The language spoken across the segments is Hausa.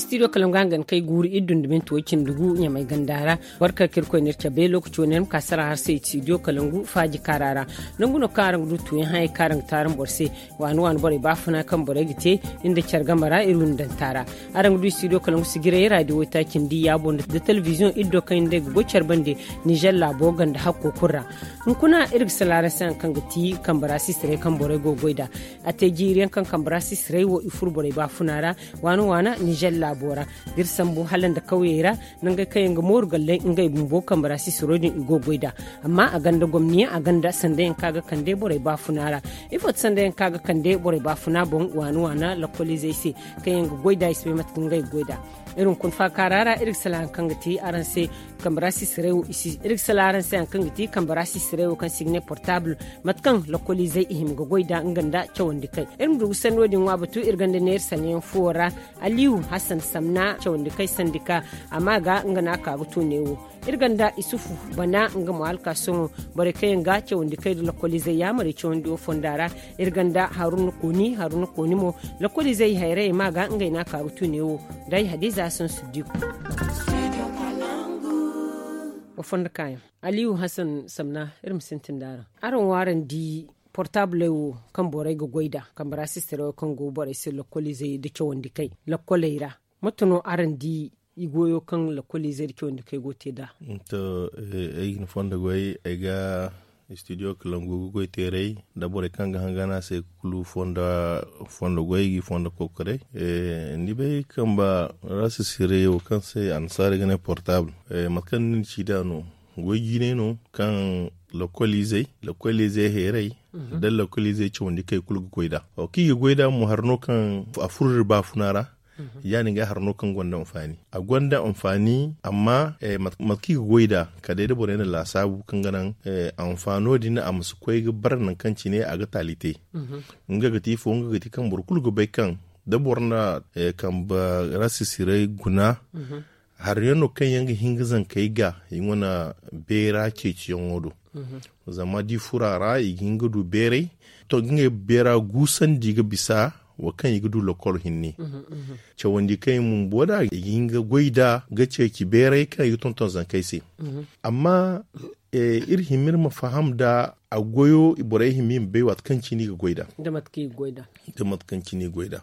studio kalangangan kai guri idun dumin tuwakin dugu ya mai gandara warkar kirko ne ke bai lokaci wani sara har sai studio kalangu faji karara nan guna karan gudu tuyin hai karan tarin borse wani wani bare ba funa kan bare gite inda kyar gamara irin tara aran gudu studio kalangu sigire radio takin di ya yabo da television iddo kan inda da gocar bande nijar labogan da hakko kurra in kuna irin salara san kan gati kan bara sisire kan bore gogoida a te jiriyan kan kan bara sisire wo ifur bare ba funara wani wana nijar labora dir sambo nan ga kayan ga mor galle inga bumbo kambara barasi surodin igo goida amma a ganda gomni a ganda en kaga kande bore ba funara ifot sande en kaga kande bore ba funa bon wanu wana lakoli ce kayan ga goida isbe ga goida irin kun fa karara iriksala kan gati aranse kambarasi sirewu isi iriksala aranse an kan gati kambarasi sirewu kan signe portable matkan lokoli zai ihim ga goida nganda cewandi kai irin dugu sanodin wa batu irganda ne sanen fuwara aliyu hassan samna cewandi kai sandika amma ga ngana ka butu newo irganda isufu bana nga mwalka songo bore kayenga cewndi kaydu lokkolize yamare cewndi o irgan irganda haruna koni haruna koni mo lokkolize hayre e maga ngayna karutune o dai hadiza sun suddiku o fonda kayan aliyu hassan samna irin sintin dara aron waran di portable wo kan borai ga goida kan bara sister kan go borai sai lokkolize da wundi kai lokkoleira mutuno aran di igoyo kan la koli zer ke wanda kai gote da to ay eh, eh, fonda goy ay ga studio kalangu goy terey da kan kanga hangana se kulu fonda fonda goy gi fonda kokore e ni be kamba rasi sire o kan se ansare gane portable e ci ni chidano goy gine no kan lokolize lokolize herai mhm. dan lokolize ci wanda kai kulgu da o ki da mu harno kan a furir ba funara yani ga harno kan gwanda amfani a gwanda amfani amma eh, matki goida ka da bore na la sabu kan ganan eh, amfano din a musu koi ga barnan kan ne a ga talite mhm. nga ga tifo nga ga tikan burkul ga bai kan da borna eh, kan ba rasi sirai guna mhm. har yano kan yanga hingizan kai ga yin wana bera ke ciyon wado mhm. zama di furara yi hingidu bere. to ginga bera gusan diga bisa wa kan yi gudu lokol hinni mhm, mhm. ce wandi kai mun boda gwaida ga ce ki berai kan yi tuntun zan kai se mhm. amma e, ir himir ma faham da a goyo Ibrahim yin bai wat kan cini ga gwaida. da matki da matkan cini gwaida.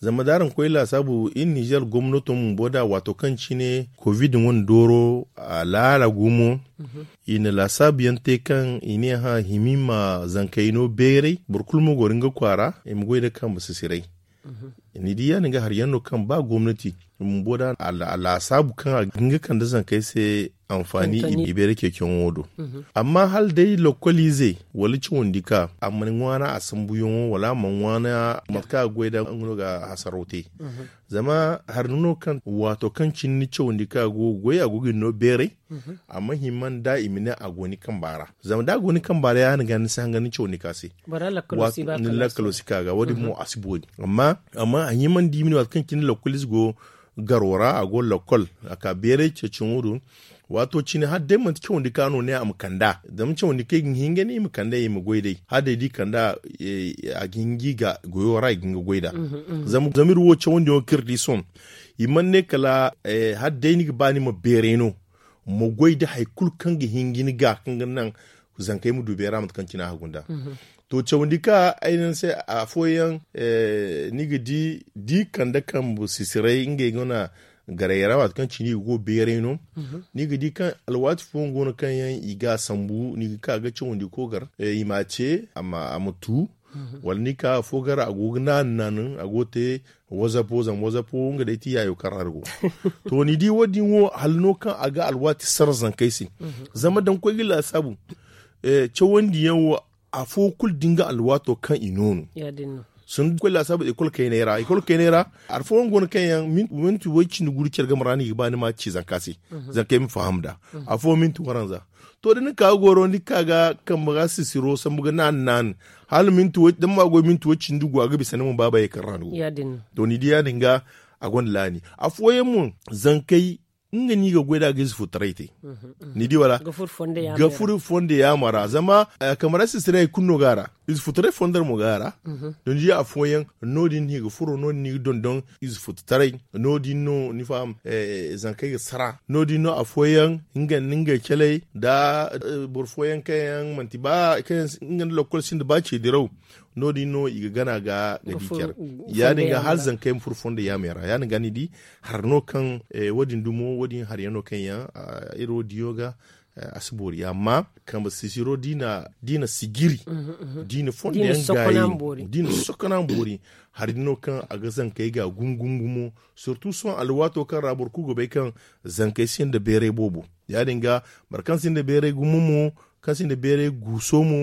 zama darin kwaila sabu in Nijar gwamnatin boda wato kan ci ne covid wani doro a lara gumo mhm. ina la yan te kan ine ha himima zankaino bere burkulmu gorin ga kwara im da kan basu sirai mhm. ni diya ni ga har yanno kan ba gwamnati mboda ala ala sabu kan ginga kan da zan kai sai amfani ibere keken wodo mhm. amma hal dai lokalize zai wali ci wundika amma wana a san buyon wala man wana matka goida an ga hasarote mhm. zama har nuno kan wato kan cin ni ci wundika go goya go no bere mhm. amma himan da imina a goni kan bara zama da goni kan bara ya ni ni san gani ci wundika sai bara lakalosi ba lakalosi kaga wadi mu asibodi amma amma a man dimini wato kan cin lokalize go garora a go lokol a ka bere ce cin wato cini har dai mata kyau kano ne a mukanda da mace wanda ke hinge ne mukanda yi mugoi dai har da di kanda eh, a gingi ga goyo ra ginga goida mm-hmm, mm-hmm. zamir wo ce wanda yon kirdi son iman ne kala eh, har dai ni ba ni ma bere no mu goida haikul kan ga hingi ni ga kan nan zan kai mu dubera mata kan kina hagunda mm-hmm. to cewndika ainihin se a foyan eh, nigi di di kan bu sisirai inge gona gara yara wat kan cini go bere no mhm. nigi di kan alwati fun gona kan yan iga sambu nigi ka ga cewndi ko gar eh, imace amma amutu mhm. n'i ka fogar agogo nannanin agote wazapo zan wazapo nga da iti yayo karargo to ni di wadi wo halno kan aga alwati sarzan kaisi mhm. zama dan ko gila sabu eh ce yawo a fo kul dinga alwato kan inonu sun kwella sabu ikol ikul kai kenera a fo ngon kan yan min min tu wai cin guri cerga marani ba ni ma ci zankasi mhm. zankai mi fahamda mhm. a fo min tu waranza to da ni ka goro ni ka ga kan maga siro san buga nan nan hal min tu wai dan ma go min tu wai cin dugu aga bisanin mun baba ya karanu to ni ninga a gwanda lani a foyen mun kai nga ni ga gweda ga su futraite ni di wala furu fonde ya mara zama eh, kamar su sira kunno gara is futare fonde mo gara don ji a foyen di ni ga furu no ni don don is futare di no ni fam eh, zankai ga sara di no a foyen nga ninga kele da eh, bur foyen kayan mantiba kayan nga sin da ba ce dirau no di no iga gana ga da dikyar ya dinga har zan kai furfon da ya mera ya gani di har no kan eh, wadin dumo wadin har yano kan ya iro dioga eh, asibori amma kama sisiro dina dina sigiri mhm, mhm. dina fonda yan gayi dina sokanan bori har dino kan a ga zan kai ga gungungumo surtout son alwato kan rabur kugo bai kan zan kai sin da bere bobo ya dinga markan sin da bere gumumo kasi da bere mu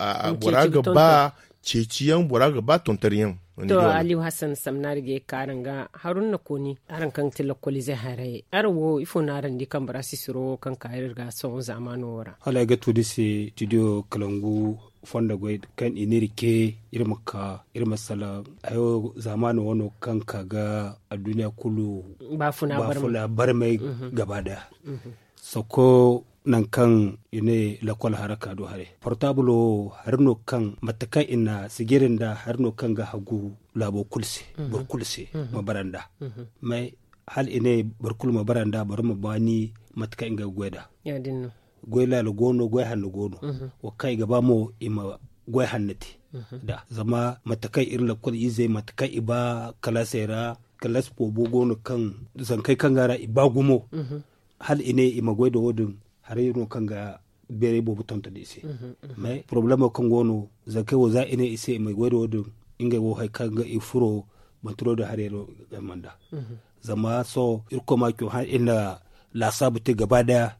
a buraga ba ceciyan buraga ba tontariyan to aliyu hassan ga harun haruna koni aran kan tilakoli zai haraye arwo ifo naran di kan barasi suro, kan kayar ga son zamanu wara hala ga tudisi studio kalangu fonda goy kan iniri ke irma ka irma sala ayo zamanu wano kan kaga a duniya kulu ba funa bar mai mhm. gaba da mm -hmm. sako nan kan ine lakwal haraka do hare portable harno kan mataka ina sigirin da harno kan ga hagu labo kulse mm -hmm. ma kulse mm -hmm. mabaranda mm -hmm. mai hal ine bor kul mabaranda bor bani mataka inga gweda ya dinno gwela lo gono gwe hanno gono mm -hmm. wakai gaba mo ima gwe hannati mm -hmm. da zama matakai irla kul ize matakai iba kalasera kalas pobo gono kan zankai kan gara iba gumo mm -hmm. hal ine ima goyda wodin harino kanga bere bobu tonta da ise mai mhm, mhm. problema kan gono zake wo za ine ise ima goyda wodin inga wo hay kanga ifuro banturo da harero manda mhm. zama so irko makyo har ina lasabu te gaba daya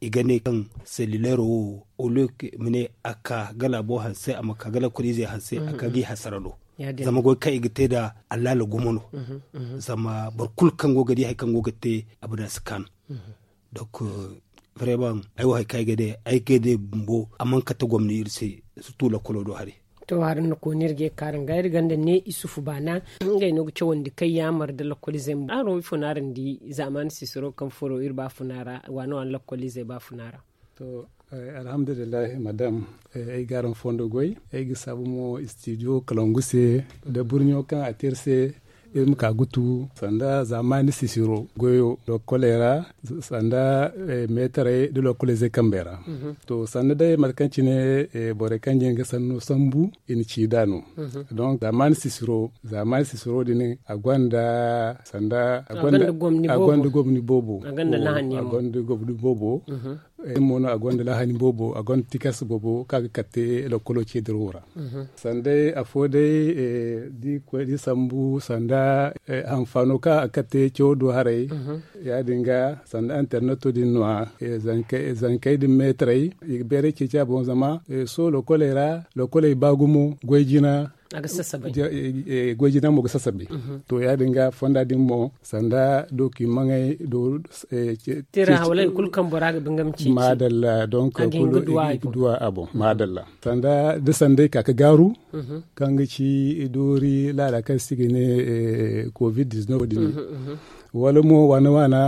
igane kan selilero oluk mine aka gala bo hanse amma ka gala kurize hanse aka gi hasarado zama goy ka igite da alala gumono zama barkul kan gogadi hay kan gogate abda skan donc euh, vraiment ay wahay kai gede ay gede bo amman kata gwamni irse surtout la kolo do hari to har na ko nirge karan gair ganda ne isufu bana ngai no ce wanda kai ya mar da lokalizem aro funaran di zaman sisiro kan furo irba funara wano an lokalize ba funara to eh, alhamdulillah madam eh, ay garan fondo goy ay gisabu mo studio kalanguse da burnyo kan aterse ka gutu sanda zamani sisiro goyo da kolera sanda e, metare de lo zai kambera mm -hmm. to sanda dai markanci ne e, bore kanje ga sannu sambu in ci dano mm -hmm. donc zamani sisiro zamani sisiro A agwanda sanda agwanda agwanda gomni bobo agwanda lahani agwanda gomni bobo mm -hmm. Eh, mono a gonde lahani bobo a gon tikas bobo kaga katte lo kolo ce dirwura mhm. sande a fode e, di ko di sambu sanda e, eh, hanfano ka a katte ce hare mhm. ya dinga sanda internet di noa e, zanke e zanke di metrai e, bere ce ca bon zama e, so lo kolera lo kolei bagumu goijina aga sassabe e, e gojidan mo sassabe mhm. to ya dinga fonda din mo sanda doki mangai do e, tira hawla kul kan boraga bingam ci madalla donc kul e duwa abo madalla sanda de sande ka ka garu mhm. kan ci dori lala kan sigine covid 19 din mhm, wala mo wana wana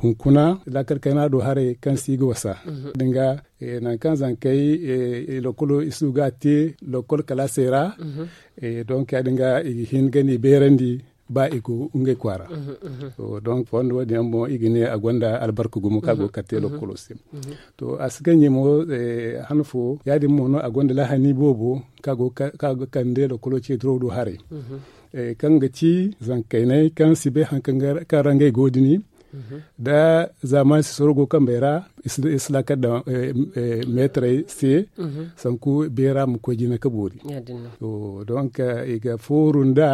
hunkuna lakar kana do hare kan siga wasa dinga nan kan zan kai lokolo isuga te lokol kala sera e donc aɗa ga hin gani berandi ba igo unge kwara mm -hmm, mm -hmm. to waɗi am bon ambo igine a gonda albarku gumu kago mm -hmm, kattelo mm -hmm. kolosim mm -hmm. to asiganye mo eh, hanfo yadi mono a gonda lahani bobo kago kago kandelo koloce drodo hare mm -hmm. eh, kanga ci zankainai kan sibe hankan karangay godini da zaman si sorgo kan bera isla ka da eh, eh, metre se sanku bera mu ko jina ka bori to ka iga da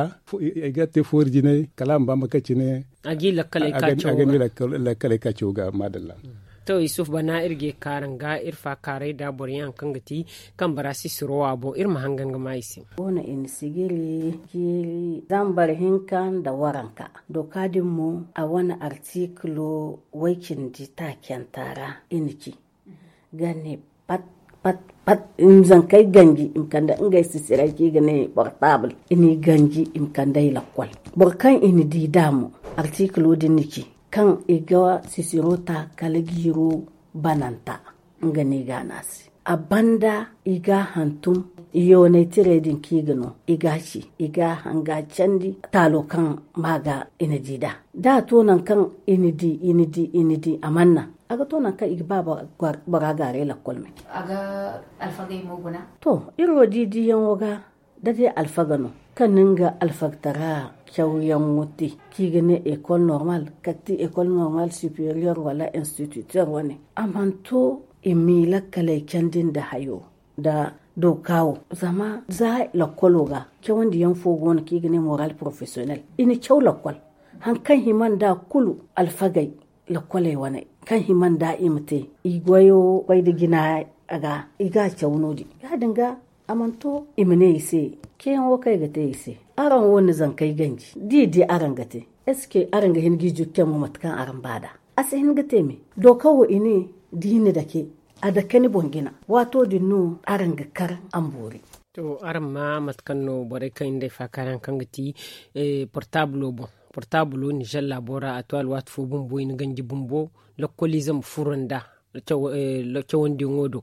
iga te forjine kalam bamba ka cine agi lakkale ka choga agi lakkale ka choga madalla to yusuf bana irge ga irfa karai da boriyan kangati kan barasi surowa bo irma hangan gama isi ona in sigiri zan bar hinkan da waranka dokadin mu a wani artiklo waikin ji taken tara iniki gane pat pat pat in zan kai gangi in kanda in gaisi siraki gane portable ini gangi in da lakwal burkan ini di damu artiklo din niki kan igawa sisiro ta kalgiro bananta ngani ganasi a banda iga hantum yone tiredin kigano iga shi iga hanga candi talo kan maga inidi da da nan kan inidi inidi inidi amanna aga tonan kan igba gare la kolme aga mo muguna to iro didi yan waga da dai alfagano kanin ga alfaktara kyauyan muti kiga ne école normal kakti école normal supérieur wala instituteur wani amanto imila kalai kendin da hayo da dokawo zama za lakwalo ga kyawun da yan fogo wani kiga ne moral professionnel ini kyau lakwal han kan himan da kulu alfagai lakwalai wani kan himan da imte igwayo bai da gina aga iga kyaunodi ya dinga amanto imine ise kiyan wokai ga te ise aran woni zan kai ganji didi aran te eske aran ga hingi jukke mu matkan aran bada ase te me do kawo ini dini dake a kani bongina wato dinno aran ga karan ambori to aran ma matkan no bore ka inde fakaran kangati e portable bo portable ni jalla bora atwal wat fo bumbo ni ganji bumbo lokolizam furanda lo cewon e, dingodo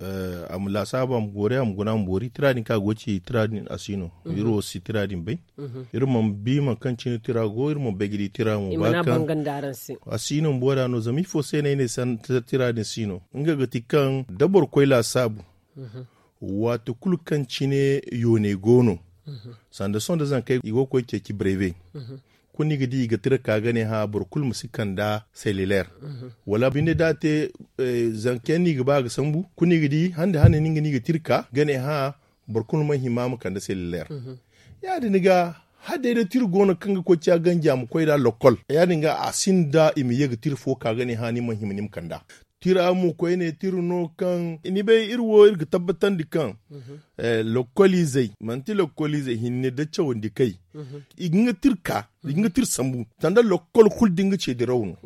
uh, eh, amula saba mgore amguna mbori tiradin ka goci tiradin asino mm -hmm. iro si tiradin bai mm -hmm. iro man bi man kan cin tirago iro man begiri tiramu ba kan asino mbora no zami fo sene ne san tiradin sino nga ga tikan dabor koila sabu mm -hmm. wato kul kan cine yone gono mm -hmm. sanda son da zan kai igo ko ke ki breve mm -hmm. kunigidi ga ka gane ha burkul musikan da cellular wala binde date eh, zanken ni ba ga sambu di hande hande ninga ni ga tirka gane ha burkul mahima kan da cellular ya da niga hade da tir gona kanga ko ciya ganja mu koida lokol ya a asin da imi yega tir fo ka gane ha ni mahima ni kan da tira mu ko ne tiru no kan ni be irwo irga tabbatan di kan lokolize mhm. man eh, lokoli zai manti lokoli hinne da cewa di kai mm -hmm. iginga tirka iginga tir sambu tanda lokol kul dinga ce di raunu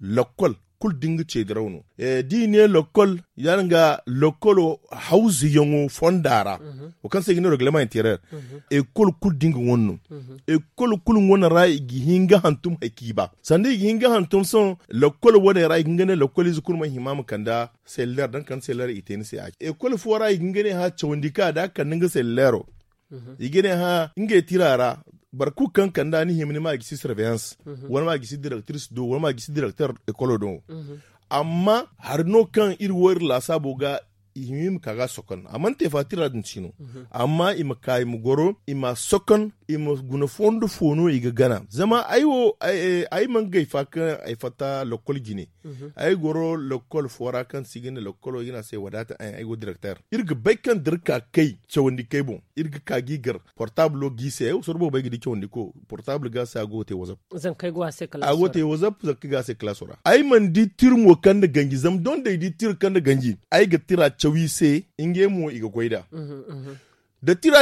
lokol kul dingi cedirawnu e dine lokol yanga lokolo hausi yongu fondara mm -hmm. o kan segino reglement intérieur mm -hmm. e kol kul dingi wonnu mm -hmm. e kol kul wona ra gi hinga hantum hakiba sande gi hinga hantum son lokol wone ra ngene lokol izukun ma himam kanda seller dan kan seller iteni se a ekol kol fo ra ngene ha chondika da kan ngi sellero mhm. igene ha nge tirara barku kan kan da ni himni ma gisi surveillance mhm. wani ma gisi directrice do wani ma gisi directeur école do mhm. amma har no kan ir wor la sabo ga ihim kaga sokon amma te fatira din sino mhm. amma im kai mu goro ima sokon ima guna fondo fono iga gana zama aiwo ai eh, man gai faka ai fata lokol gine mhm. ai goro lokol fora kan sigin lokol yana sai wadata ai eh, aiwo director irga baikan dirka kai chawandi kai bon irga ka gar portable gi sai ai sorbo bai gidi chawandi ko portable ga sa gote te wazap zan kai go sai class agote te wazap zan kai ga sai class ora ai man di tirmo kan da gangi zam don dai di tir kan da gangi ai ga tira chawi sai inge mu iga goida mhm, mhm. da tira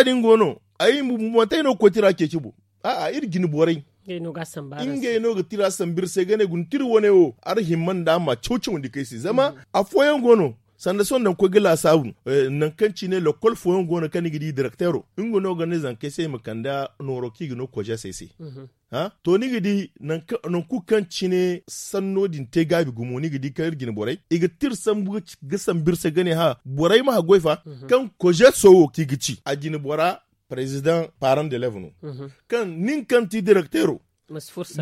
a yi mumata yi ko tira ke cibo a a iri gini borai ga inge no ga tira sambir gane gun tiri wane o ar himman da ma cocin kai si zama mhm. a foyan gono sanda son nan ko gila sabu eh, nan kan ci ne lokal foyan gono kan gidi directero in no ga ne zan kai sai makanda noro ki gino sai mhm. ha to ni gidi nan ka nan ku kan cine sanno din te gabi gumo ni gidi kar gin borai iga tir san bu gisan birse gane ha borai ma goifa mhm. kan so wo ki gici a gin bora president parent de levno mhm. kan nin kan ti directeur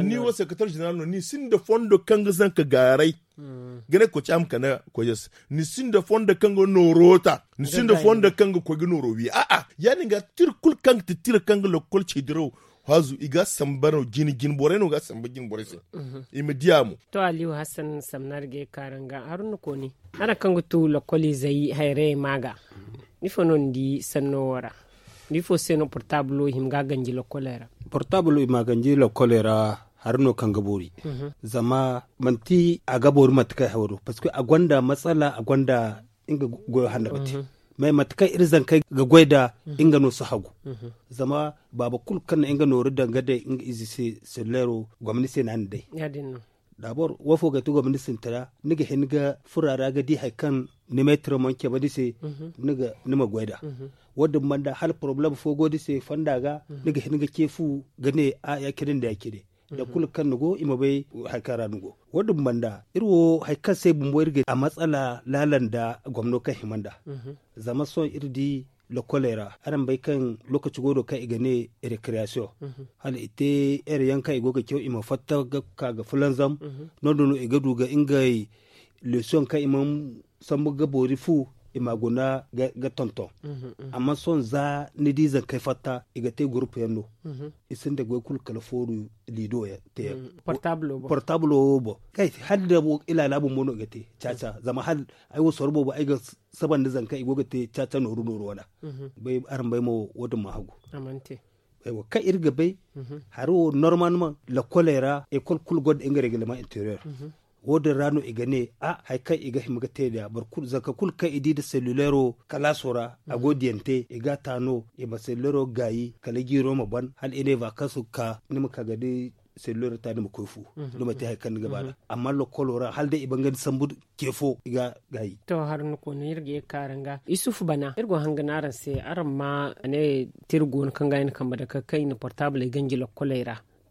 ni wa secretary general ni sin da fondo kan san ka garai mhm. gane ko cham kana ko je ni sin da fonda kango norota ni sin da fonda kango ko gi norobi a a yani ga tir kul kan ti tir kang lo kol diro hazu iga sambaro gini gini bore no ga samba gini bore se mhm. mu. to aliu hassan samnarge karanga harun ko ni ara kangu tu lokoli zai haire maga ni fo non di sanno wara ni fo seno portable him ga ganji lokolera portable ma ganji lokolera harno kanga gabori mhm. zama manti a gabori matka hawro paske agwanda a gwanda matsala a inga go handa bati mhm. mai matakai irzan kai ga gwaida mhm. inga no hagu mhm. zama baba kul kan inga no rida ga dai inga izi se sellero gwamnati se nan dai dabor wafo ga tuga bani tara niga hinga furara ga di haikan ni metro man ke se mhm. niga nima gwaida wadda manda hal problem fo godi se fanda ga niga hinga kefu gane a ya kirin da ya kire da kul kan nugo ima bai haikara nugo wadun banda irwo haikar sai bumbo irge a matsala lalan da gwamno kan himanda zama son irdi la kolera aran bai kan lokaci godo ka igane recreation hal ite er yanka igo ga kyau ima fatta ka ga fulanzam mhm. nodono igadu ga ingai lesion ka imam sambu ga fu imaguna ga, ga tonton mhm, mhm. son za ni dizan kai fatta iga te group yanno mm -hmm. isin da gwe kul kalforu lido ya te mhm. portable bo kai har da bo ila labu mono ga te chacha zama hal ai wo sorbo bo ai ga saban da kai go ga te chacha noru noru wala bai aran bai mo mahagu amante aiwa ka irga bai har normalement la colère école e kul god inga règlement intérieur wodin rano igane a haikai iga himga teda barkul zaka kul ka idi da cellulero kala sora mhm. godiyante iga tano ima selulero gayi kala giro ban hal ine vakansu ka nima ka gadi selulero ta nima kofu mhm. nima ta haikan gaba da mhm. amma lo kolora hal da iban gani sambud kefo iga gayi to har ko ne yirge karanga isuf bana irgo hanganaran se aran ma ne tirgo kan gayin kan da kai ni portable gangi lo kolera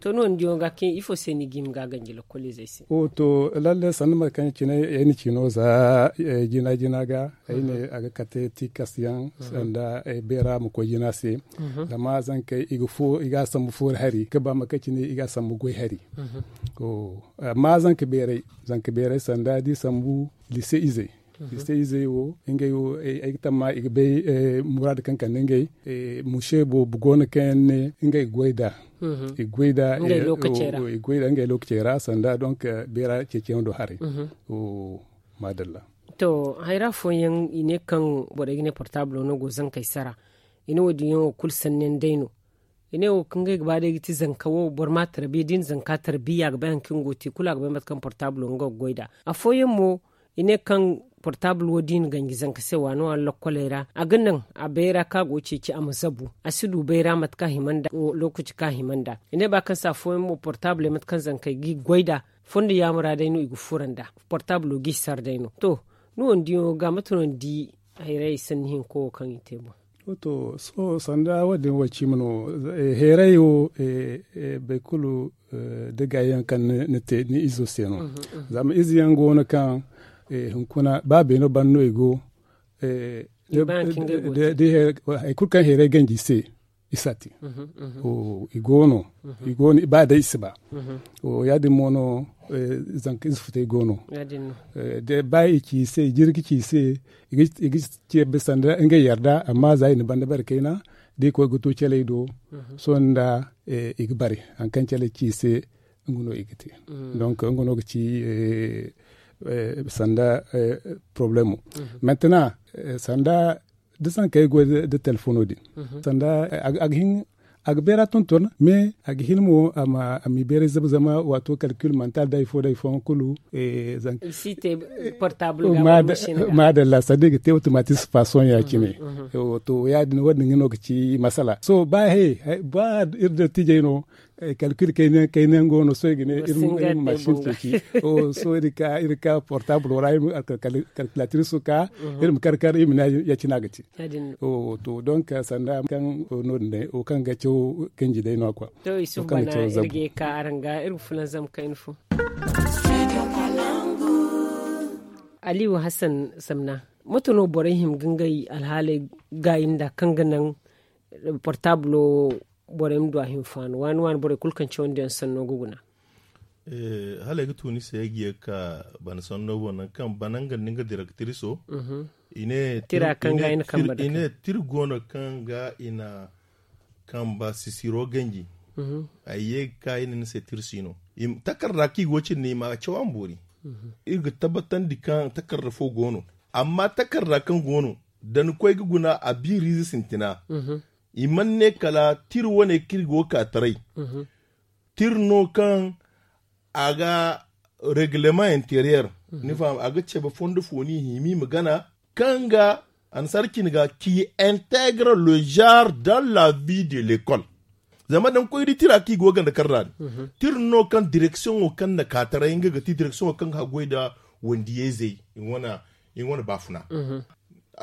to non diyo ga kin ifo seni gim ga ganjila kole zai se o to lalle san ma kan cine yani eh, cino za eh, jina jina ga eh, ne mhm. aga kate ti kasiyan mhm. sanda bera mu ko jina se da mhm. ma zan kai igu fo iga san mu for hari ka ba maka cine iga san mu goi hari o ma zan ka bere zan ka bere sanda di san mu lise izai Mhm. iste ize wo inge wo ay e, e, tamma igbe e, murad kan kan e mushe bo bugona kan e goida igwida igwida inge lokcera sanda donc bera cecen do hari mhm. o madalla to fo foyen ine kan ine portable no gozan kaisara ine wodi yo kul sannen daino ine wo kinga gba da giti zanka wo bor tarbi din zanka tarbiya ga ban kin goti kula ga ban kan portable ngo goida afoyen mo ine kan portable wodin gangi zanka se wano an lokkolera agannan a bera ka goce ki a musabu asidu bera matka himanda lokaci ka himanda ina ba kan sa foyin mo portable matkan zanka gi goida fondo yamura daino igu da. portable gi sar daino to nu on di ga matunon di hayrai san hin ko kan itebo to so sanda wadin waci mano herayo be kulu daga te ni izo seno mhm, mhm. zama iziyan gona kan Eh, hunkuna ba beno ban no ego eh, eh, kulkan here genji se isati mhm, mhm. o igono igoni mhm. ba da isiba o yadi mono zankin fute igono de ba iki se jirgi ki se igi ke bisanda inga yarda amma zai ni banda bar kaina de ko gutu chele do sonda igbari an kan chele ki se nguno igite donc nguno ci sanda problème maintenant sanda disan kay go de telefono din sanda ag hin ag bera ton ton me ag mo ama ami bere zab zama wato calcul mental day fo day fo kulu e zan te portable ma da ma de la sadig te automatis façon ya kine to ya din wadin ngino ci masala so ba he ba irde tijeno calcul kene ngono so soygine irum machine teki o soyri ka ir ka portable wara im calculatrice ka irum karkar imina yacinagati o to donc sanda kan no ne o kan ga cew kenji de no kwa to isu bana irge ka aranga iru fulan zam ka info aliyu hassan samna mutuno borehim gingai alhali ga inda kan portable bore do ahin fan wan wan bore kulkan ci wanda san no guguna eh hala ga tuni sai giya ka ban san no wona kan bananga ninga directory so mhm ine tira kan ga ina kan bada ine tir gona kan ga ina kan ba sisiro ganji mhm. ayye ka ina ne sai tir sino im takarda ki goce ne ma cewan bori mhm. iga tabbatan dikan takarda fo gono amma takarda kan gono dan koy Guguna a biri mhm iman ne kala tir wane kirgo ka tarai mhm. tir no kan aga reglement interieur mhm. ni fam aga chebe fondo foni himi magana kanga ansar ga k'i intègre le genre dans la vie de l'école zama dan koyri tira ki go da karran mhm. tir no kan direction o kan na katara inga ga ti direction o kan ha goida wandi yeze in wana in wana bafuna mm -hmm.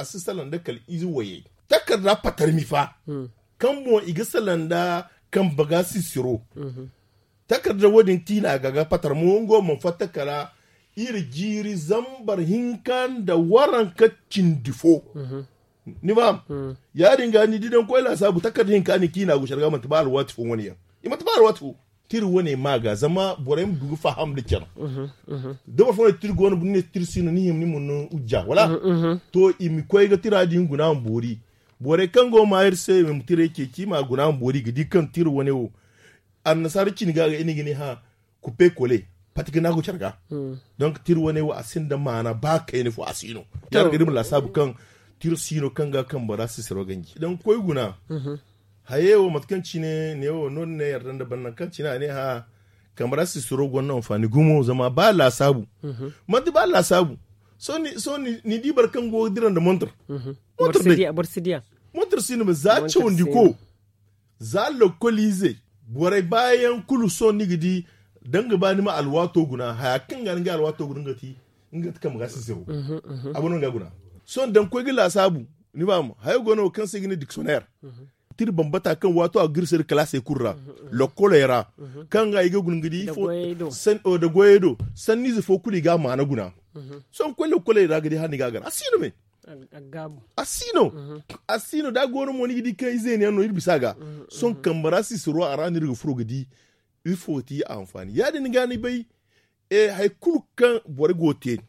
asistalan da kal izu waye takarda patar mi fa hmm. kan mo igi salanda kan baga sisiro takarda wadin tina gaga patar mu ngo mun fa takara iri jiri zambar hinkan da waran ka difo ni ba hmm. ya dinga ni didan koila sabu takarda hinka ni kina gushar ga mata ba fun wani yan imata ba tiru wani ma ga zama borem dugu fa hamle kena dama fana tiri gona ne tiri sino ni himni mun uja wala hmm, to imi koy ga tira din nguna mbori bore go ma irse mem mutire ke ki ma guna bori gidi kan tiro wone wo an nasar cin ga ga inigini ha pe kole patiki na go charga hmm. donc tiro wone wo asin da mana ba kai ne fu asino yar gidi la sabu kan tiro sino kan ga kan bara su siro ganji Don koi guna mm-hmm. haye wo matkan cine ne wo non ne yardan da bannan kan cina ne ha kamar su siro gwannan fani gumo zama ba la sabu mm-hmm. madu ba la sabu soni soni ni di kan go diran da montar mhm. montar bar sidiya montar sinima za ce wandi ko za lokolize bore bayan kulu so ni gidi danga bani ma alwato guna kan ga nga alwato guna ngati ngati kam ga sisewo mhm, mhm. abun ga guna son dan ko gila sabu ni ba mu hayo gono kan sai gini dictionnaire tir bambata kan wato a girsir classe kurra le kolera kan ga iga gungidi fo san o da goyedo san ni fo kuli ga mana guna son kwele kwele ragadi hani gagan asino me agabu asino mhm. asino da goro mo ni di kai zeni anno bisaga mhm, mhm, son kambara si suro arani rugo furo gadi il faut ti amfani ya gani bai e hay kan bore gote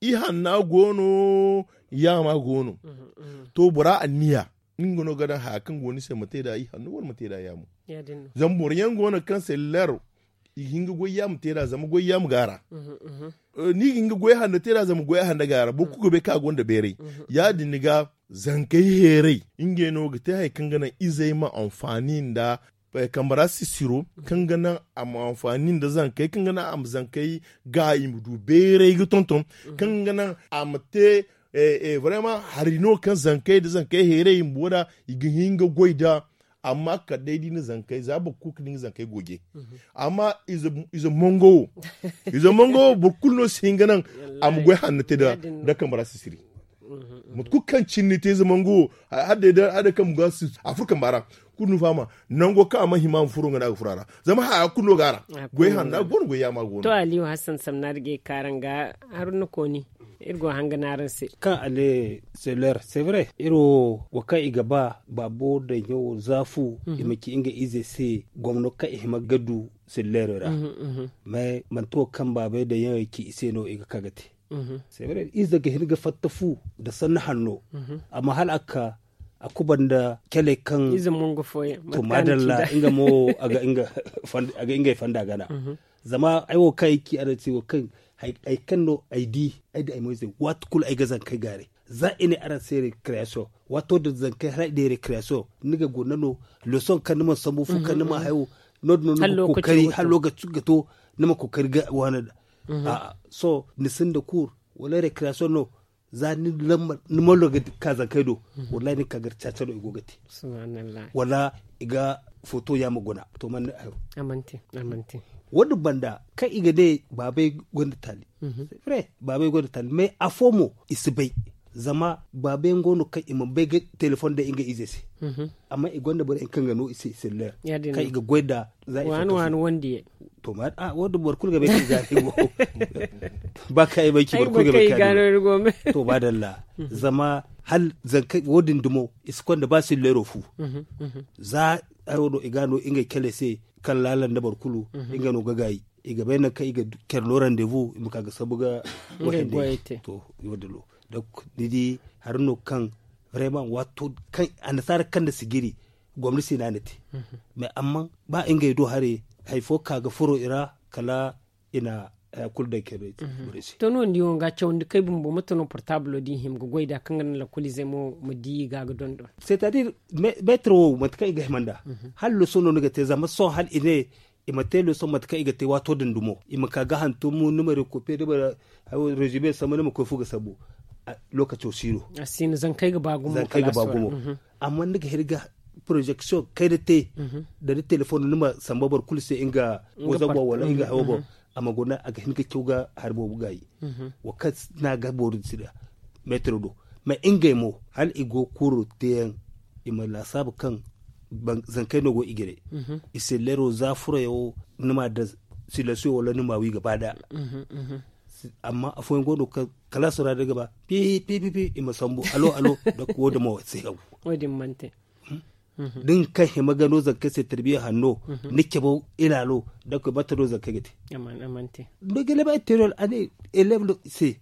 i hanna gono yama gono to bora aniya gono gada hakan goni sai mate da i hannu war mate da yamu zambor yango na kan seller ihinga goy mu tera zama goy mu gara ni hinga goy handa tera zama goy handa gara bu ku gobe ka gonda bere ya diniga zankai herai inge no ga ta hay kangana izai ma amfani da eh, kambara siro kangana am amfani da zankai kangana am zankai ga imdu bere ga tonton kangana am te eh, eh, vraiment harino kan zankai da zankai herai mbora ihinga goy da amma ka daidai ni zankai zaba kuk ni zankai goge mhm. amma a mongo a mongo bukul no singanan am gwe hanne da da kamara sisiri mut kan cinni te zaman go hadde da ada kan ga su afurka bara kunu fama nan go ka mahimman furu ga furara zama ha kuno gara goyi handa gon ya ma gon to aliyu hassan samnar ge karanga harun ko ni irgo hanganaran se kan ale seller c'est vrai iro waka igaba babo da yau zafu mhm. imaki inga ize se gwamno ka ihma gadu ra mai man to kan babai da yawa ki ise no iga kagate severe izda ga fattafu da sannu hannu. amma hal aka a kuban da kele kan izin foye to madalla inga mo aga inga fanda, aga inga fanda gana mhm. zama -hmm. zama aiwo kai ki ada cewa kan ai kan no id id ai moise wat kul ai gazan kai gare za ine ara sere creation wato da zan kai har da recreation niga gonano leson kan nima samu fu kan mhm, nima mhm. hayo no no kokari har lokacin gato nima kokari ga wani Mm-hmm. a ah, so ni da kur wala recreation no za ni lamar ni ga kaza kaido do mm-hmm. wala ni kagar caca no igogati subhanallah wala iga foto ya magona to man ayo amanti amanti wadu banda ka iga dai babai gonda tali fre mm-hmm. babai gonda tali mai afomo isibai zama babe ngono kan ima bege telefon da inga ize se mhm. amma i gonda bore in kanga no ise seller kan iga gweda za i wani wani wandi to ma a wanda bor kulga bai ga go ba ka yi baki bor kulga bai ga to ba dalla mhm. zama hal zan kai wodin dumo iskonda ba su lero fu mm -hmm. za arodo gano inga kele se kan lalan da barkulu mm inga no gagayi iga bai na ka iga kerlo rendezvous imakaga sabuga wahende to yodelo da didi harno kan vraiment wato kan anasara kan da sigiri gwamnati na nati mai mhm. amma ba inga gaido hare haifo kaga furo ira kala ina kulda bai burisi to no ndiyo ga chawndi kay bumbo matono portable di him go kan kangan la kulize mo mo di ga ga don don c'est à dire metro matka ga himanda mhm. hal lo sono ga te zama so hal ine imate lo so matka ga te wato dundumo imaka ga hanto mu numero ko pe da resume sama ne ko fuga sabu lokaci siro asini zan kai ga bagumo zan kai ga bagumo mhm. amma daga hirga projection kai da te mhm. da da telefon nima sambabar kulse inga wazagwa wala inga mhm. hawabo amma gona aga hinka ga harbo bugayi wa ka na ga borin sida metro do ma inga mo hal igo kuro te ima la sab kan zan kai nogo igere iselero zafura yo nima da silasu wala nima wi gaba da amma a afoyin godo ka kala sura daga ba pi pi ma pi sambo alo alo da ko da mawa sai hawo wadin mante hmm? mhm. din kan hima gano zakka sai hannu hanno mhm. nike bo ilalo da ko bata do zakka gite aman amante da gele ba terol ane elev se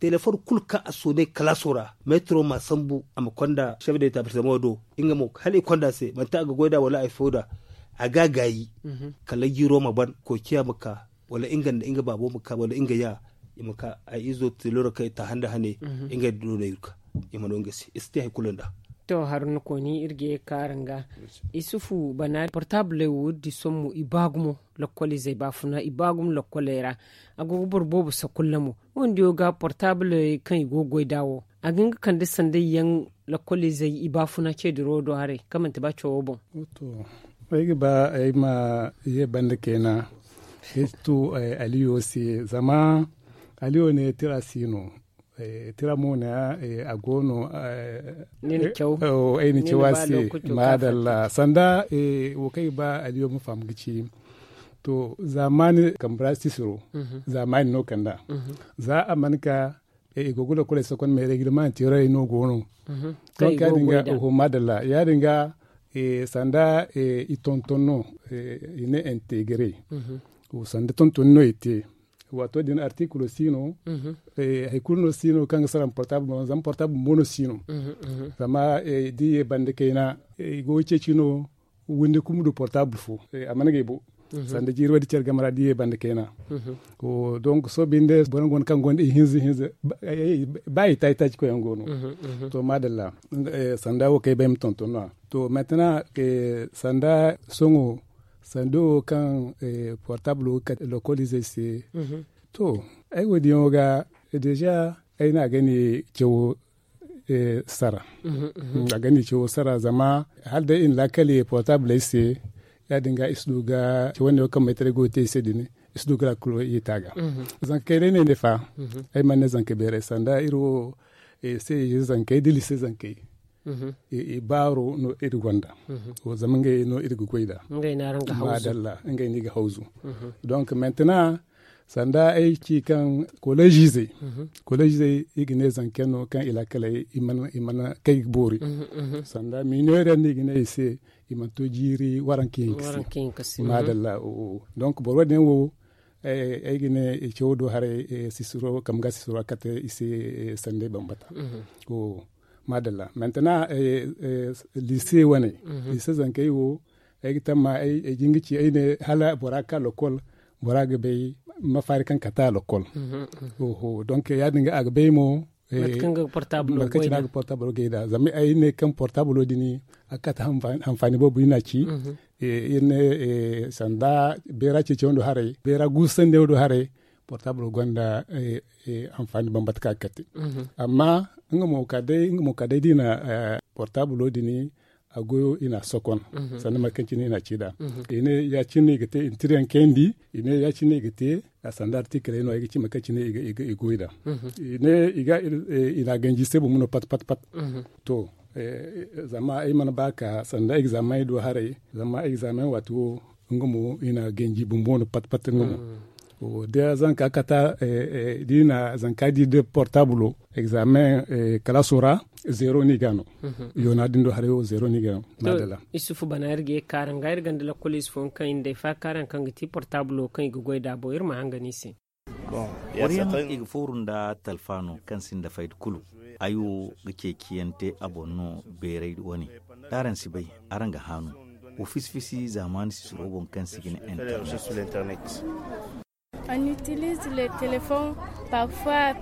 telefon kulka a sone kala sura metro ma sambu shafi da chef de établissement do inga mu hali kwanda se manta ga goida wala a foda a gagayi mhm. kala giro ma ban ko kiya maka wala ingan da inga babo maka wala inga ya imaka a izo tilora kai ta handa hane mhm. inga dole yurka imano ngesi isti hay kulanda to harun ni irge karanga isufu bana portable wudi somu ibagumo lokkole zai bafuna ibagum lokkolera agogo borbobo sakullamo wondi yoga portable kan igogoy dawo agin kan da sanda yan lokkole zai ibafuna ke duro do hare kamanta ba cewa bon to ai ba ai ma ye banda kenan to eh, aliyo se zama aliyo ne tira sino eh, tira a eh, gono eh, oh, eh, ni aini madalla sanda wo kai ba aliyo mu fam gici to zamani kambra sisiro mhm. zamani no kanda mhm. za a e gogula kule sokon me reglement tira ino gono mm -hmm. ka dinga ho madalla ya dinga e sanda e itontono e ne integre mhm. o sanda tontono ite wato din article sino mm -hmm. e hekuno sino kanga saram portable zam portable mono sino mm -hmm. sama e di bande kayna e go cecino wonde kumudo portable fo e amanage bo Mm -hmm. sande jiri waɗi cerga mara ɗi e bande kena mm -hmm. ko donc so binde bono gon kan gonɗe hinse hinse bayi tay taji koyen gono mhm, mhm. to madalla eh, sanda wo kay bayim ton ton to maintenant eh, sanda songo sando kan eh, portable ka localize se mhm. to ai wadiyan ga deja ai na gani cewo eh, sara mhm, mhm. na a gani cewo sara zama har da in lakali portable se ya dinga isdu ga wanda kan mai targo te se dine isdu ga kulo yi taga zan kai ne ne fa ai man ne zanke bere sanda iro eh, se zanke dilise zanke Mm-hmm. baro no iri gonda mm-hmm. o zaman ngai no iri gwaida ngai na ranga hausu madalla ngay ni ga hausu mm-hmm. donc maintenant sanda ci kan kolejize igne zan keno kan ilakala imana imana kai bori sanda minore ni igine ise to jiri warankinkisi madalla o donc borwadin wo aigine e, e, e cewdo hare e sisuro gasi sura kate ise sande bambata o madalla maintenant eh, eh, lycée wane mm -hmm. lycée zankai wo ai eh, ta ma ai eh, eh, ai ci ai ne hala ka lokol boraga bai mafari kan kata lokol mm -hmm. oho donc ya dinga aga bai mo matkanga portable barkaci naga portable gaida zami ai ne kan portable dini akata amfani bo bina ci mm -hmm. e, ne sanda bera ce ce wando hare bera Gusande de wando hare portable gwanda eh, eh, amfani bambat ka kati mhm. amma nga mo kadai nga mo eh, kadai dina portable dini ago ina sokon mm -hmm. sannan ina cida mhm. ine ya cinne gite intiran kendi ine ya cinne gite a standard tikira ino igi cimaka cine ne iga igoida mhm. ine iga eh, ina ganji sebu muno pat pat pat to eh, zama ai man baka sanda examen do hare zama examen wato ngumu ina ganji bumbono pat pat ngumu da zanka kata eh, eh, dina zanka di de portable examen eh, kalasora zero ni gano mm -hmm. yona dindo hare o zero ni gano madala isufu banarge karan gair gandala kolis fon kan inde fa karan kan ti portable kan igogoi da bo irma ni se bon wariyama iga furunda talfano kan da fait kulu ayu gike kiyante abonno berai woni daran si bai aranga hanu ofis fisi zamani si surobon kan sigin internet On utilise le téléphone parfois.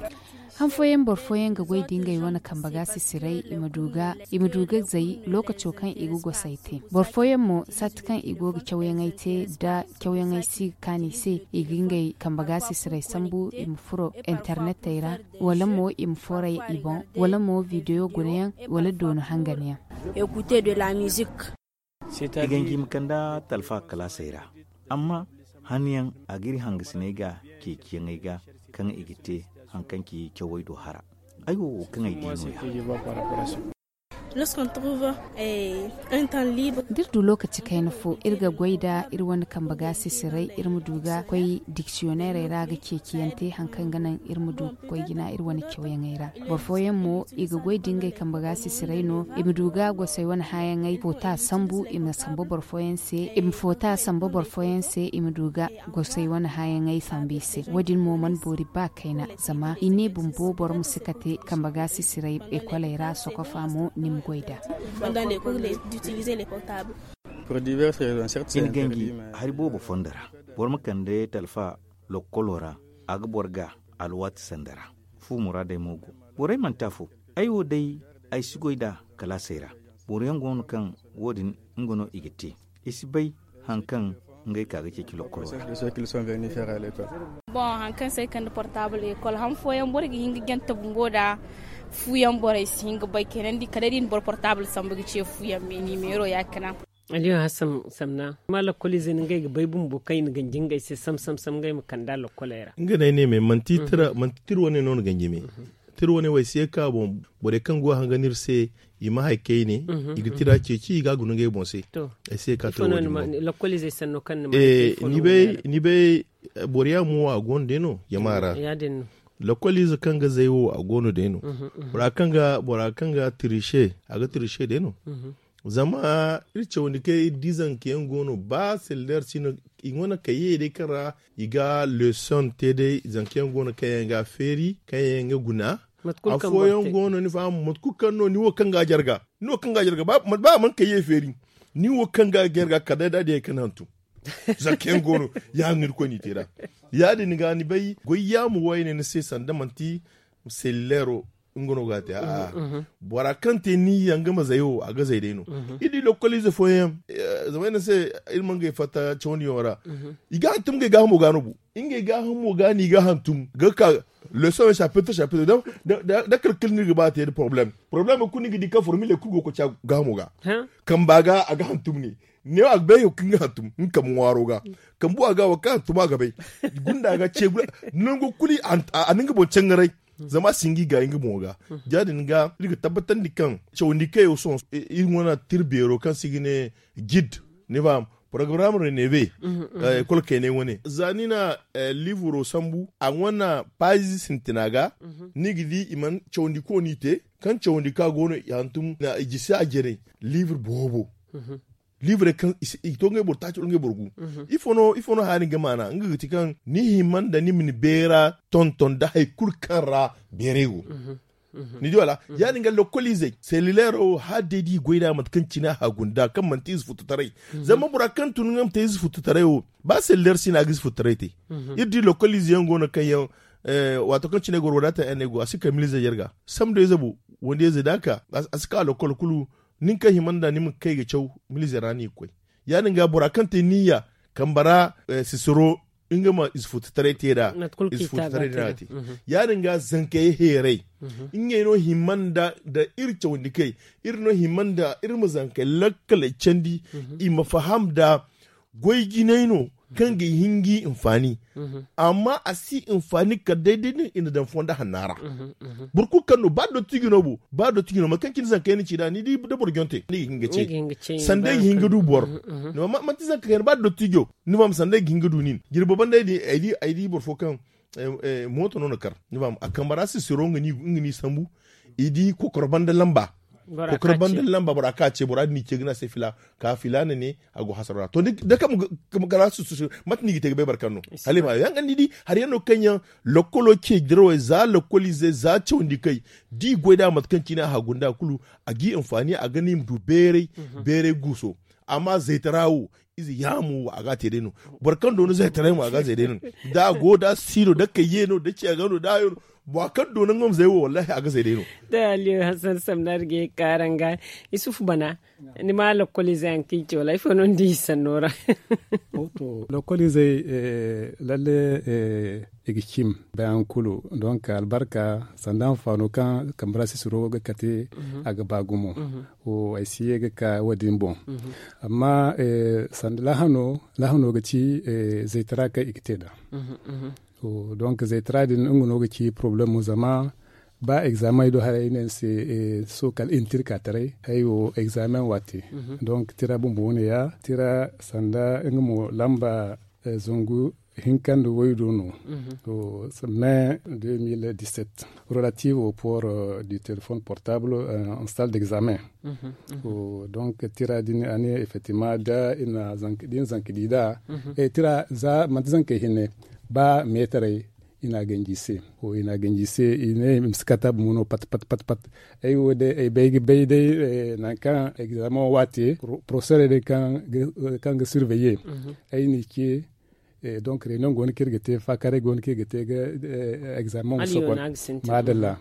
han foyen bor ga gwai dinga wani kambaga sisirai imaduga imaduga zai lokaci kan igu go saite Barfoyen mu mo sat kan igu ga kyawayen aite da kyauyen aisi kani se iginga yi kambaga sisirai sambu imfuro internet taira wala mo imfora ibon wala mo video gunayen wala dono hanganiya Ekute de la musique c'est à dire talfa kala saira amma a haniyan agiri hangisinega ke kiyengega kan igite hankan ki kyawai do hara aiwo kan ai lorsqu'on trouve eh, un temps libre dirdu lokaci kai nufo irga gwaida ir wani kan baga sisirai ir muduga kwai dictionnaire ra ga kekiyante hankan ganan ir mudu kwai gina ir wani kyoyan ira borfoyen mu iga gwaidin gai kan baga sisirai no imduga go sai wani hayan ai fota sambu im sambu borfoyen se im fota sambu borfoyen se imduga go sai wani hayan ai sambi se wadin mu man bori ba kaina zama ine bumbo bor musikate kan baga sisirai e ra sokofa mu nim Maryam Gwaida. Ilgengi haribo bofondara, bormakande talfa lokolora agborga alwat sandara. Fu murade mugu. Bore mantafu, wo dai ai da kala sera. Bore yangon kan wodin ngono igiti. Isibai hankan ngai ka ke kilo ko bon hankan sai kan portable école han foyan borgi hinga ganta bungoda fuyan borai singa bai kenan di kadari bor portable san sambugi ce fuyan me ni mero ya kana aliyu hassan samna mala koli zin ngai bai bun bokai ni ganjin gai sai sam sam sam gai makanda la Nga ngana ne me mantitira mantitira wani non ganji me tir wani wai sai ka bon bore mhm, mhm. kan go hanga nir se ima hay kayne igitira ce ci yi ga gunu ngai bon se ai sai ka to wani ma. koli zai sanno kan ni be ni be bore ya mu a gonde no yamara ya dinno lakwali za kanga zai wo a gono da yano mhm, mhm. bora kanga bora kanga tirishe a ga tirishe da yano mhm. zama irce wani kai dizan ke yan gono ba sildar ci na wani ka yi dai kara ga leson te dai zan ke yan gono kan yanga feri kan yanga guna a foyan gono ni fa matku kan no ni wo kan ga jarga ni wo kan ga jarga ba man ka yi feri ni wo kan ga jarga kada da da ya kan hantu za goro ya ngir ko ni tera ya ni gani bai goyya mu wayne ne sanda sandamanti selero ngono gata mm-hmm, ah, mm-hmm. a bora kante ni yanga mazayo a gaza dai no mm-hmm. idi localize fo yam eh, zaman se il manga fata choni ora iga tum ga ga mo gano bu inge ga mu gani ga hantum ga ka peut e chapitre peut da da da kel ni ba te problem problem ku ni di ka formule ku go ko cha ga mu ga kan baga a ga hantum ne ne a gbe yo kinga hatum in kam waro ga kan bu ga wa kan tuma ga bai gunda ga ce nan go kuli an ninga bo cengarai zama singi ga ingi moga jadi nga riga tabbatar da kan cewa ni kai son in wani tirbero kan ne gid ne ba programme reneve ne mm-hmm, mm-hmm. eh, wani. zani na eh, livro sambu a wana page sintinaga mm-hmm. ni gidi iman ni ko ni te kan ni ka gono yantum na ijisa ajere livro bobo livre kan to ngai bor tacho ngai borgu mhm. ifono ifono hani gamana ngai ti kan ni himan da ni min bera ton ton da hay kara berego mhm. mhm. ni jola yani ngal localize cellulaire ha di goida mat kan china ha gunda kan man tiz futu tare. zama bura kan tun ngam tiz futu tare o ba cellulaire sina gis futu tarai te yidi localize na kan yan eh, wato kan china gorwada ta enego asika milize yerga sam de zabu wonde yezedaka asika lokol kulu ninka himanda ni mun kai ga cew milizerani koi nin ga bura te niya kambara eh, in inga ma tare te da. isfututare tera isfututare mhm. tera te nin ga zanke here mhm. inga no himanda da irce ni kai irno himanda mu zanke lakkale candi mhm. i mafaham da goy ginaino kan ga hingi infani mm-hmm. amma a si infani ka daidai din ina da fonda hannara mm-hmm, mm-hmm. burku kanu ba da tigino bu ba da tigino ma kan kin kai ni cida ni di da burgonte ni hinga ce sande hinga du bor no ma ma tizan kai ba da tigyo ni ma sande hinga du nin girbo bande di aidi aidi bor fokan eh, eh, moto nono kar ni mam bara si sironga ni ngini sambu idi ko korban da lamba kokore bandin lamba bara ka ce bara ni ke gina sai fila ka fila ne a go hasarora to da kam gara su su mat ni tege bar kanno halima yan gani di har yano kanyan lokolo ke dirwa e za lokoli ze za ce wandi kai di goida mat kan kina ha gunda kulu a gi amfani a gani du bere mhm. bere guso amma zai tarawo izi yamu a ga tere no barkan dono zai tare mu a ga zai denu da go da siro da kayeno da ce ga no da yoro bwakan donin ngam zai wallahi aga zai deno da aliyu hassan samnar ge karanga isuf bana ni ma lokoli zai an kici wallahi fa non di sanora to lokoli zai lalle igikim bayan kulu don ka albarka sandan fano kan kambara si suro ga kate aga bagumo o ai siye ga ka wadin bon amma sandala hano lahano ga ci zai taraka ikiteda donc c'est ka zai tra din ungu noga ba examen do hare c'est se so kal intir ka hayo examen wati mm -hmm. donc tira bumbu ya tira sanda ungu lamba e, euh, zungu hinkan do woydo no to mhm. mai 2017 relative au port euh, du téléphone portable euh, en salle d'examen mm -hmm, mm -hmm. donc tira din ane effectivement da ina zank din zankidi mm -hmm. tira za mat zanke hine ba me in ina ganji se ko ina ganji se ine mskata pat pat pat pat ay wode ay beygi beyde eh, nan examen wati professeur de kan eh, kan surveiller mhm. ni ki eh, donc réunion gon kirgete fa kare gon examen so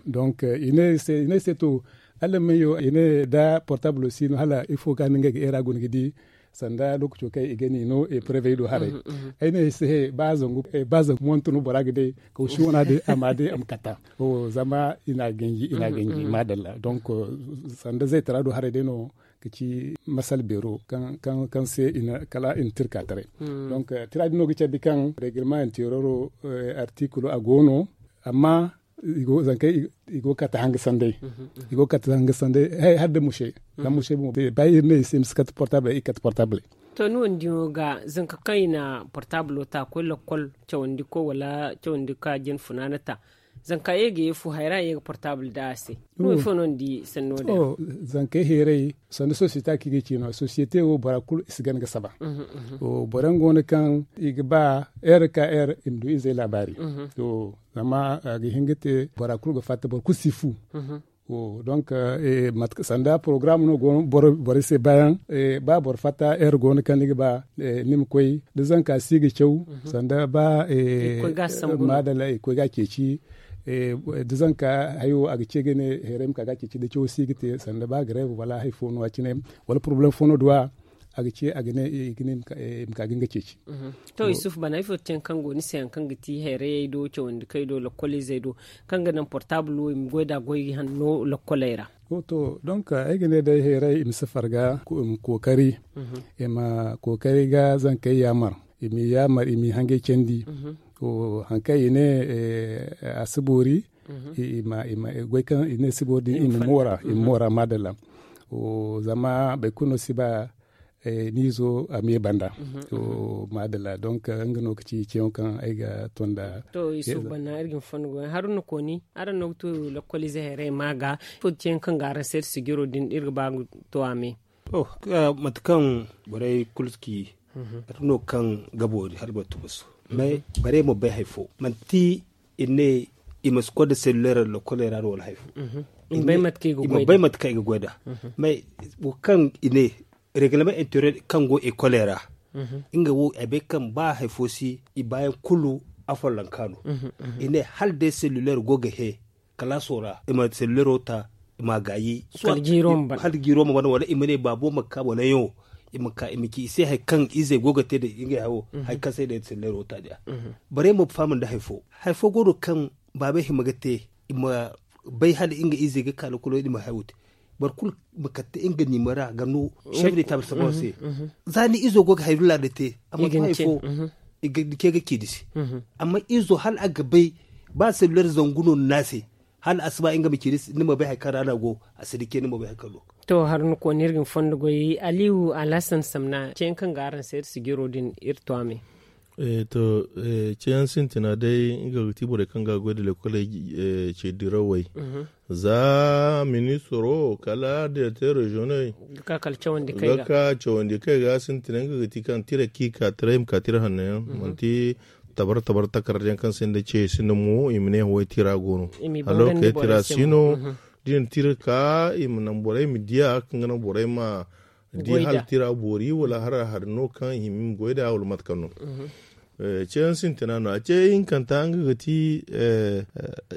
donc ine se ine se to alla mayo ine da portable aussi il faut kan era sanda lokacin kai gani no e preve do hare mhm, mhm. ne se baza ngu e eh, baza montu no borage de ko shi wana de amade am kata o zama ina genji ina mhm, genji madalla donc euh, sanda zai tara do hare de no kici masal bero kan kan kan se ina kala in tirka tare donc euh, tira dino gice bi kan reglement intérieur euh, article agono amma igo zanke igo kata hangi sande mm-hmm. igo kata hangi sande hey hadde mushe la mm-hmm. mushe mo de bayi ne sim skat portable ikat portable to nu ndi ga zanka kaina portable ta ko lokol chawndi ko wala chawndi ka jen funanata zanka hayra portable da oh. no non di sanno da oh zanka here sanu societe ki societe barakul o kan igba rkr labari to mhm. oh, nama hingete barakul ga Oh, donc e mat sanda programme no gon bor bayan eh, ba bor fata er gon kan ba de mhm. sanda ba Eh, eh, dizan ka hayo aga chegene herem kaga chichi de cho sigite sanda ba greve wala hay fono ne wala problem fono dwa aga ce aga ne iginin ka ginga ce ci to yusuf bana ifo ten kango ni sen kanga ti here do ce wanda kai do la kole zai do kanga nan portable im goida goyi han no la kolera to donc ay ne da here im safar ga ko im kokari ko mm-hmm. kokari ga zan kai yamar imi yamar imi hange cendi. Mm-hmm. o hankai ine eh, a sibori mm ima ima e gwekan ine sibori ine mora mm mora imora madala o zama bai kuno siba eh, nizo a me banda mm -hmm. o madala donc anga no kici ciyon kan ai ga tonda to isu bana irgin fango harun ko ni ara no to lokoli zehere maga fo ciyon kan gara ser sigiro din irga ba to ame oh matukan burai kulski mhm. no kan gabo har batu basu mais bare mo bay hay fo man ti ine imas koda cellulaire lo kolera wal hay fo mhm. in bay mat kay go goida bay mat kay go mhm. mais bu kan ine reglement intérieur kan go e kolera mhm. inga wo abe kan ba hay fo si i bayan kulu afollan kano ine hal de go ge he kala sora ima cellulaire ta ima gayi hal giro ma wani wani babo makka wala yo. imaka imiki sai hai kan ize goga te da inga yawo mhm. hai kan sai da tsille rota da mhm. bare mu famun da haifo haifo goro kan babe hi magate ima bai hal inga ize ga kala kulo ima hawut bar kul makatte inga ni mara ga no chef de sabo mhm. se zani izo goga hayrula da te amma haifo iga ke ga kidisi amma izo hal aga bai ba cellular zanguno nase hal asba inga ni nima bai haikara rago a sidike nima bai haikalo to har nu ko nirgin fondo goyi aliu alasan samna cen kan garan sayar sigiro din irtuame eh to eh cen sintina dai inga tibo da kan gago da lekole eh, ce dirawai mhm. za ministro kala da ta regionai ka kalce wanda kai ga ka ce wanda kai ga sintina ga ti kan tira ki ka tiraim ka tira hanne eh. manti mhm. tabar tabar takardar kan sin ce sinu mu imne hoy tira gono alo ke tira sino mhm. din tira ka im na borai mi dia kanga na borai ma di hal tira bori wala har har no mhm. eh, kan himim goida wal mat kanu ciyan sin tinano a ce yin kanta an ga gati eh,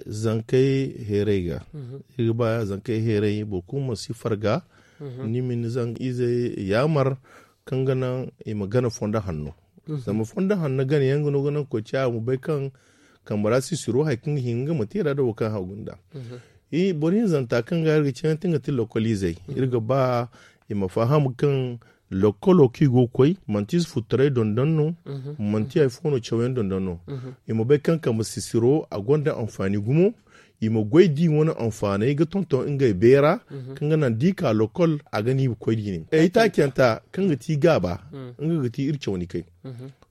zankai herai ga mhm. iga baya zankai herai bo kuma si farga mhm. ni min zan ize yamar kan gana i gana fonda hannu zama fonda hannu gani yan gano gana ko ci mu bai kan kan bara si siro haikin hinga mu da wakan hagunda i e, bore zanta kan ga irga cinan tinga ti localize irga ba e mafahamu kan lokolo go koi manti futare dondonno mhm. manti ay fono chawen dondonno mhm. imo be kanka mo sisiro agonda amfani gumo imo di wani amfani ga tonton inga bera mhm. kanga nan dika lokol a gani koidi ne e ita kenta ga ti gaba inga ga ti irce wani kai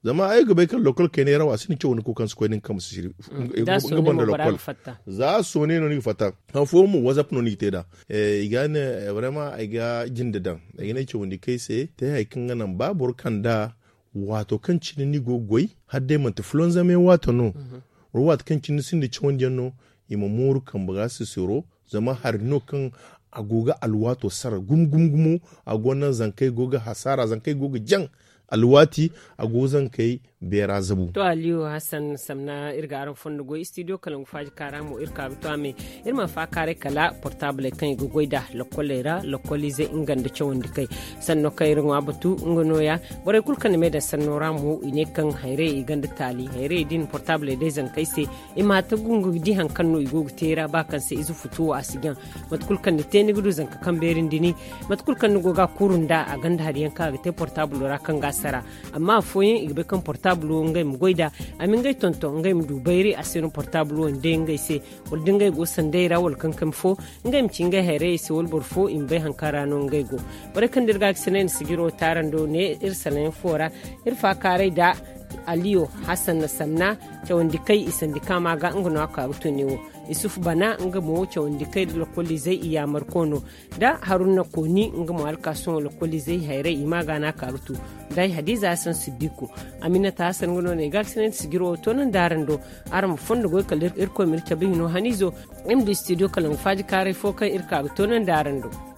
zama ai gaba kan lokal kai ne rawa sun ce ko kan su kwanin kama su shiri gaban da lokal za su ne no ni fata han fo mu whatsapp no ni teda e eh, ga ne vraiment eh, ai ga jin da dan ai ne cewa wani kai sai ta yi kin ganan babur kan da wato kan cini ni gogoi har dai man tuflon zame wato no mhm. ruwa kan cini sun da cewa no ima mur kan ba su siro zama har no kan agoga alwato sar gum gum a gonan zankai goga hasara zankai goga jan alwati a gozan kai bera zabu to aliyu hassan samna irga aran fondo go studio kala ngu faji karamo irka bi to ame irma fa kare kala portable kan go goida kolera lokolera kolize inganda chawndi kai sanno kai ringo abatu ngono ya bore kul kan meda sanno ramu ine kan hayre haire gande tali hayre din portable de zan kai se ima ta gungu di han kanno gogu tera ba kan se izu futu asigan mat kul kan te ni gudu zan ka kan berin dini mat kul kan go ga kurunda a ganda hariyan ka ga te portable ra kan gasara amma foyin igbe kan portable portable wo ngai mu goida amin ngai tonto ngai mu dubairi a seno portable wo nde ngai se wal dingai go sandeira wal kankam fo ngai mu ngai hare se wal bor fo in bai hankara no ngai go bare kan dirga senen sigiro tarando ne irsalen fora irfa kare da aliyo hasan na samna ta dikai kai isan dikama ga ngona ka isuf bana nga mo wuce wanda kai lo zai iya markono da haruna koni nga mo alkasun lo zai haire ima magana karutu yi hadiza san sidiku amina ta san gono ne to sigiro da darando aram fondo go kalir irko mirta bihino hanizo imdi studio kalan faji kare fokan irka tonan darando